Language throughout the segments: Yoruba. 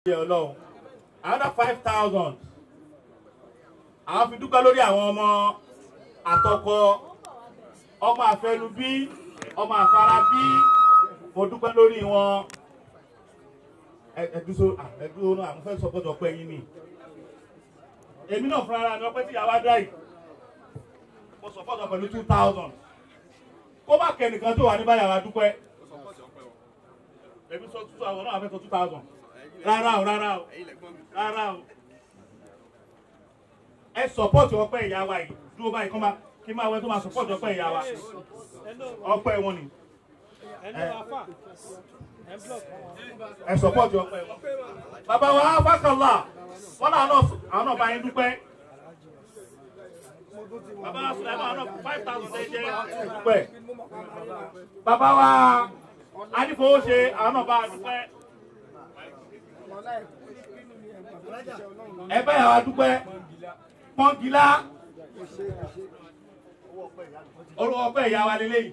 ọlọ́run another five thousand àwọn fi dúpẹ́ lórí àwọn ọmọ àtọkọ ọmọ àfẹnubí ọmọ àfarabí mo dúpẹ́ lórí wọn ẹ̀dúso ẹ̀dúso náà àwọn fẹ́ sọ gbọ́dọ̀ pé yín ni èmi náà fúnra ra ni ọpẹ́ tí yàrá dá yìí mo sọ gbọ́dọ̀ pẹ̀lú two thousand kó má kẹ́ nìkan tó wà ní báyàrá dúpẹ́ èmi sọ two thousand náà àfẹ́ sọ two thousand rárá o rárá o rárá o ẹ sọpọ́ọ̀tì ọpẹ́ ìyá wa yìí dúró báyìí kán máa kí máa wẹ tó máa sọpọ́ọ̀tì ọpẹ́ ìyá wa ọpẹ́ wọn ni ẹ sọpọ́ọ̀tì ọpẹ́ wọn. bàbá wa fákàlà wọn náà àwọn náà bá yín dúpẹ́ bàbá wa sùlẹ̀ náà five thousand ẹ jẹ́ dúpẹ́ bàbá wa adífowó ṣe àwọn náà bá dúpẹ́ ẹ bá yà wá dúpẹ́ pọ́ńgìlá orúkọ ọpẹ́ ìyá wa lélẹ́yìí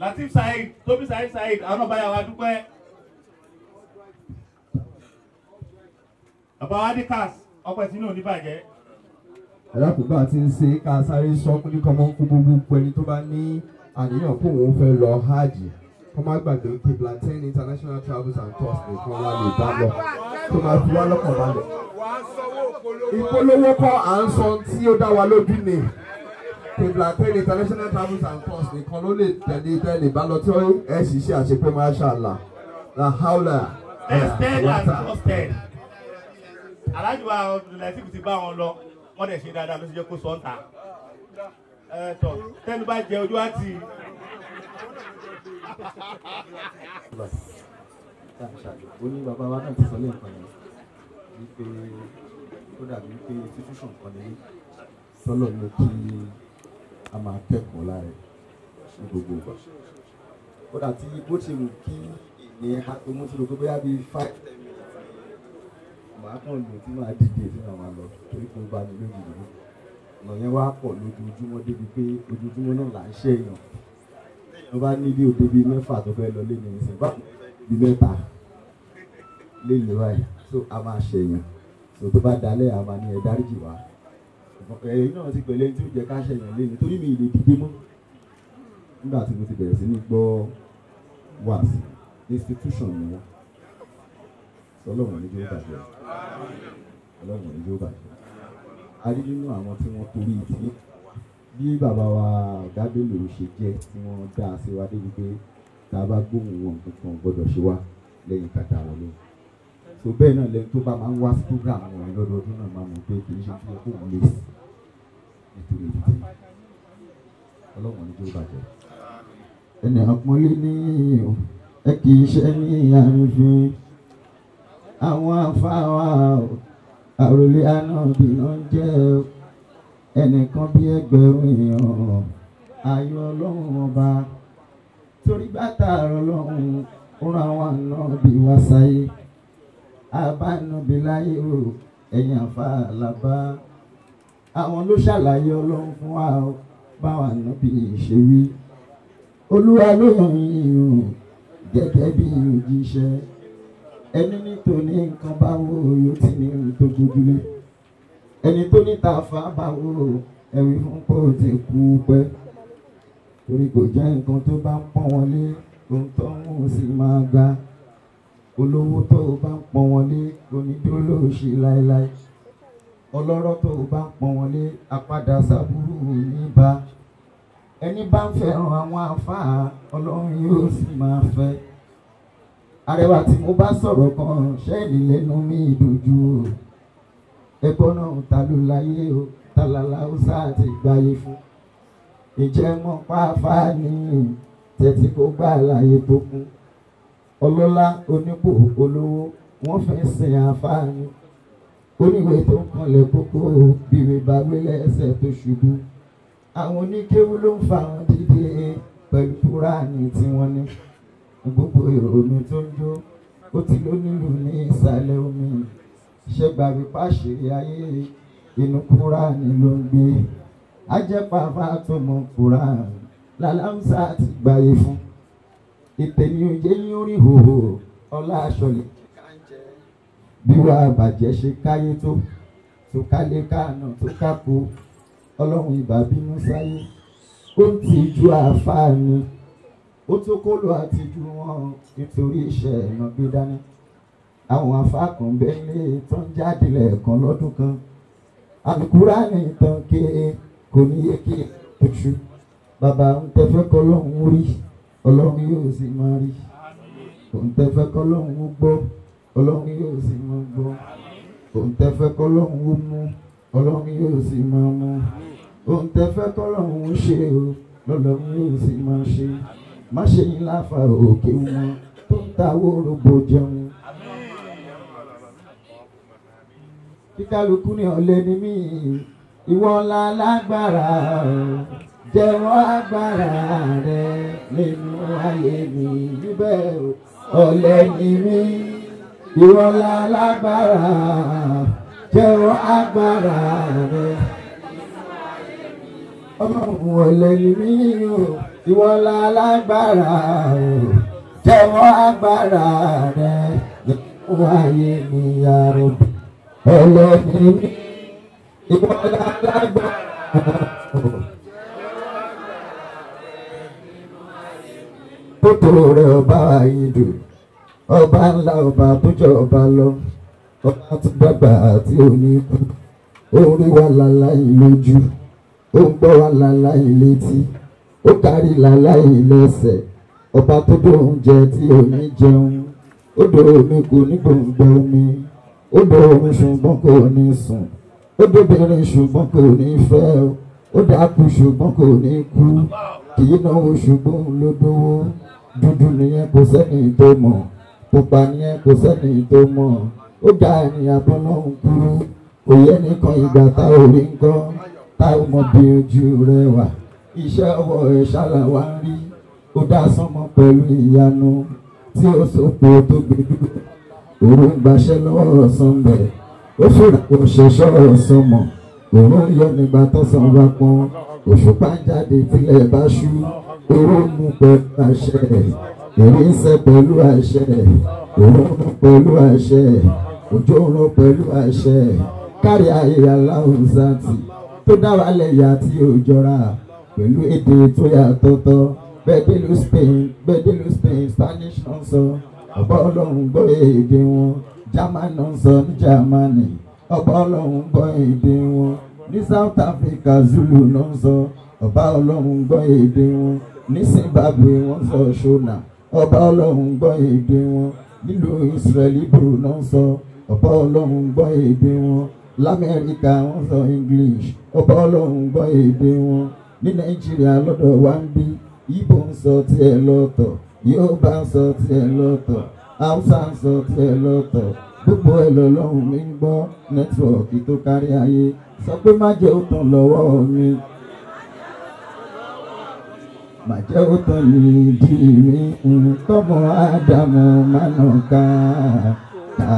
Latif Saheed Tobi Saheed Saheed àwọn ọba yà wá dúpẹ́ bàbá wa dikas ọpẹ́ tí náà ní bàjẹ́. ẹlẹ́kùnbà ti ń ṣe ká sáré sọ́kùnrin kọ́mọ́kú gbogbo ẹni tó bá ní àníyàn kóun fẹ́ lọ hajj wọ́n má gbàgbé pé Plantain international travels and tours nìkan wà lè dá lọ tó máa fi wá lọ́kàn balẹ̀. ìpolówó kọ́ à ń sọ tí ó dá wa lójú ni pé Plantain international travels and tours nìkan ló lè tẹ̀lé tẹ̀lé bá lọ tí ẹ sì ṣe àṣepé mashallah la hawla wata. alájọ àwọn lẹ́sìn ti bá wọn lọ wọ́n dẹ̀ ṣe dáadáa ló ṣe jẹ́ kó sọ́ńtà. ẹ tọ́ tẹ́nu bá jẹ ojú àti ó ní bàbá wa náà ti sọ lẹ́ẹ̀kan yẹn wípé ó dàbí pé institution kan ní sọ́lọ̀ ló kí a máa kẹ́kọ̀ọ́ lára ní gbogbo ìgbà ó dà tí bó ti wù kí ìyẹn ha tó mú ti rò pé bóyá bíi five màá kàn lò tí màá dìde tí màá máa lọ torí pé ó bá mi lójijì náà yẹn wá pọ̀ lójoojúmọ́ débi pé ojoojúmọ́ náà là ń ṣe èèyàn wọ́n bá ní bí òde bíi mẹ́fà tó fẹ́ lọ lẹ́nu ẹ̀sìn bá bí mẹ́ta lélẹ̀ báyìí so a máa ṣèyàn so tó bá dalẹ̀ a máa ní ẹ dáríjì wá ẹ̀yìn náà ti pẹ̀lẹ́ tí ó jẹ́ ká ṣèyàn lẹ́nu torí mi ìlè dìde mọ́ nígbà tí mo ti bẹ̀rẹ̀ sí ní gbọ́ wáàsí institution ni wọ́n ọlọ́run ní yóò bàjẹ́ ọlọ́run ní yóò bàjẹ́ a rí nínú àwọn tí wọ́n torí ìdílé bí bàbá wa ọ̀gá Bello ṣe jẹ́ tí wọ́n dá a sí wa débi pé tá a bá gbóhùn wọn kankan gbọ́dọ̀ ṣe wá lẹ́yìn kàtà wọn lóhùn so bẹ́ẹ̀ náà lẹ́yìn tó bá máa ń wá sí program wọn yẹn náà máa mọ̀ pé kì í ṣe kí ó kóhùn lé sí nítorí ìdíje ọlọ́run ní tó bàjẹ́. ẹnì àpọ́nlé ní ẹ kì í ṣe ní àrífín àwọn afáwà àròlé àná bìnnà jẹ́ o ẹnìkan bí ẹgbẹ̀rún èèyàn ayọ̀ ọlọ́run ọba torí bàtà ọlọ́run ó ran àwọn àna bí wá sáyé abánubi láyé o ẹ̀yìn àfa àlàbá àwọn ló ṣàlàyé ọlọ́run fún wa o báwa nàbí ṣe wí olúwa ló yàn yín o gẹ́gẹ́ bí òjíṣẹ́ ẹni nítorí nǹkan báwo yóò ti ní ohun tó ẹni tó níta fà á bá wò ó ẹ̀rí fún pé ó ti kú pẹ́ torí kò jẹ́ nǹkan tó bá ń pọ́n wọn lé ohun tó ń wò sí máa ga olówó tó o bá ń pọ́n wọn lé onídúró ló ṣe láéláé ọlọ́rọ̀ tó o bá pọ́n wọn apádà sàbúrú níbà ẹni bá ń fẹ́ràn àwọn àfáà ọlọ́run yóò sì máa fẹ́ arẹwà tí mo bá sọ̀rọ̀ kan ṣẹ́ẹ̀lì lẹ́nu mi dojú o ẹgbọ́n náà ta ló láyé o tàlàlà haúsá àti ìgbàyè fún ìjẹ́mọ́ pàápàá ní tẹ̀tí kó gbà láyé tó kún ọlọ́lá onípò olówó wọ́n fẹ́ sin àfáàní oníwèé tó ń kanlẹ̀ kókó bìrì bàgbélé ẹsẹ̀ tó ṣubú àwọn oníkéwú ló ń fa wọn dídé pẹ̀lú púránì tí wọ́n ní gbogbo ìrònú tó ń jó ó ti lónílù ní ìsàlẹ̀ omi ṣe gbàgbé pàṣírí ayé inú Kúránì ló ń gbé ajẹ́pàfà tó mọ Kúránì làlámsà ti gbàyè fún ìtẹ̀yìn òjé yín orí hòhò ọlá aṣọlẹ̀ bí wàá bàjẹ́ ṣe káyé tó tó kálé káànà tó kákó ọlọ́run ìbá bínú sáyé ó ń tìjú àáfàá ni ó tó kó lọ àtijú wọn nítorí iṣẹ́ ìràngbé dání àwọn afákànbẹ́lé tó ń jáde lẹ́ẹ̀kan lọ́dún kan alukurani tán ké kò ní yé ké tutù bàbá ń tẹ́fẹ́ kọ́ lọ́hún rí ọlọ́run yóò sì máa rí kò ń tẹ́fẹ́ kọ́ lọ́hún gbọ́ ọlọ́run yóò sì máa gbọ́ kò ń tẹ́fẹ́ kọ́ lọ́hún mú ọlọ́run yóò sì máa mú kò ń tẹ́fẹ́ ṣe o lọ́lọ́run yóò sì máa ṣe má yín láfa òkè wọn tó ń ta wórógbó kíkálukú ní ọ̀lẹ́ ni mí ìwọ ńlá lágbára jẹ́wọ́ agbára rẹ nínú ayé mi níbẹ̀ ọ̀lẹ́ ni mí ìwọ ńlá lágbára jẹ́wọ́ agbára rẹ ọlọ́run ọ̀lẹ́ ni mí o ìwọ ńlá lágbára o jẹ́wọ́ agbára rẹ nínú ayé mi yàrá ẹlẹ́sìn mi ìwọ lálágbára. Tótó rẹ̀ ọba àyìndù, ọba ńlá ọba àtúnjọ ọba lọ, ọba tó dàgbà àti oníkú, orí wa láláì lójú, ó ń gbọ́ wa láláì létí, ó kárí láláì lẹ́sẹ̀, ọba tó dùn jẹ tí omi jẹun, ó dùn omi kò ní gbòǹgbò omi ó dòwìn ṣùgbọ́n kò ní sùn ó dòbìnrin ṣùgbọ́n kò ní fẹ́ ó dákú ṣùgbọ́n kò ní kú kì í náwó ṣùgbọ́n ló dówó dúdú nìyẹn kò sẹ́ni tó mọ̀ pupa nìyẹn kò sẹ́ni tó mọ̀ ó dá ènìyàn bọ́ náà ń kúrú òye nìkan ìgbà tá ò rí nǹkan tá ò mọ bí ojú rẹ wà iṣẹ́ ọwọ́ ẹ̀ ṣàlàwárí ó dá pẹ̀lú ìyanu tí ó sopọ̀ tó gbẹdúgbẹ òun gbaṣẹ́ lọ́wọ́ Sunday ó fìlà kò ṣẹṣọ́ sọmọ òun yọ nígbà tọ́sán bá pọ́n òṣùpá jáde tilẹ̀ bá ṣú èrò mú pẹ̀lú àṣẹ èrè ń sẹ pẹ̀lú àṣẹ òun rún pẹ̀lú àṣẹ òjò rún pẹ̀lú àṣẹ kárí ayé aláhùn sáàtì tó dá wa lẹ́yà tí ò jọra pẹ̀lú èdè tó yàtọ̀tọ̀ bẹ́ẹ̀ délùú Spain bẹ́ẹ̀ délùú Spain Spanish ń ọba ọlọ́run gbọ́ èdè wọn germany ń ní germany ọba èdè wọn ní south africa zulu ló ń sọ ọba èdè wọn ní zimbabwe wọ́n sọ shona ọba ọlọ́run gbọ́ èdè wọn nílùú israeli bro ló ń sọ ọba ọlọ́run gbọ́ èdè wọn lamẹ́ríkà wọ́n sọ english ọba ọlọ́run gbọ́ èdè wọn ní nàìjíríà lọ́dọ̀ wa ń bí ibo ń sọ tiẹ̀ lọ́tọ̀. Yorùbá ń sọ tiẹ̀ lọ́tọ̀ Haúsá ń sọ tiẹ̀ lọ́tọ̀ gbogbo ẹ̀ lọ́lọ́run mi ń gbọ́ nẹ́tíwọ̀kì tó kárí ayé sọ pé má jẹ́ ó tán lọ́wọ́ mi má jẹ́ ó tán ní ìdí mi tọ́mọ ádámù mánà ká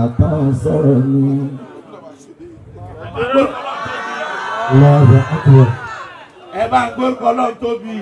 àtàn sọ̀rọ̀ mi. ẹ bá ń gbé kọ́lọ́ tóbi.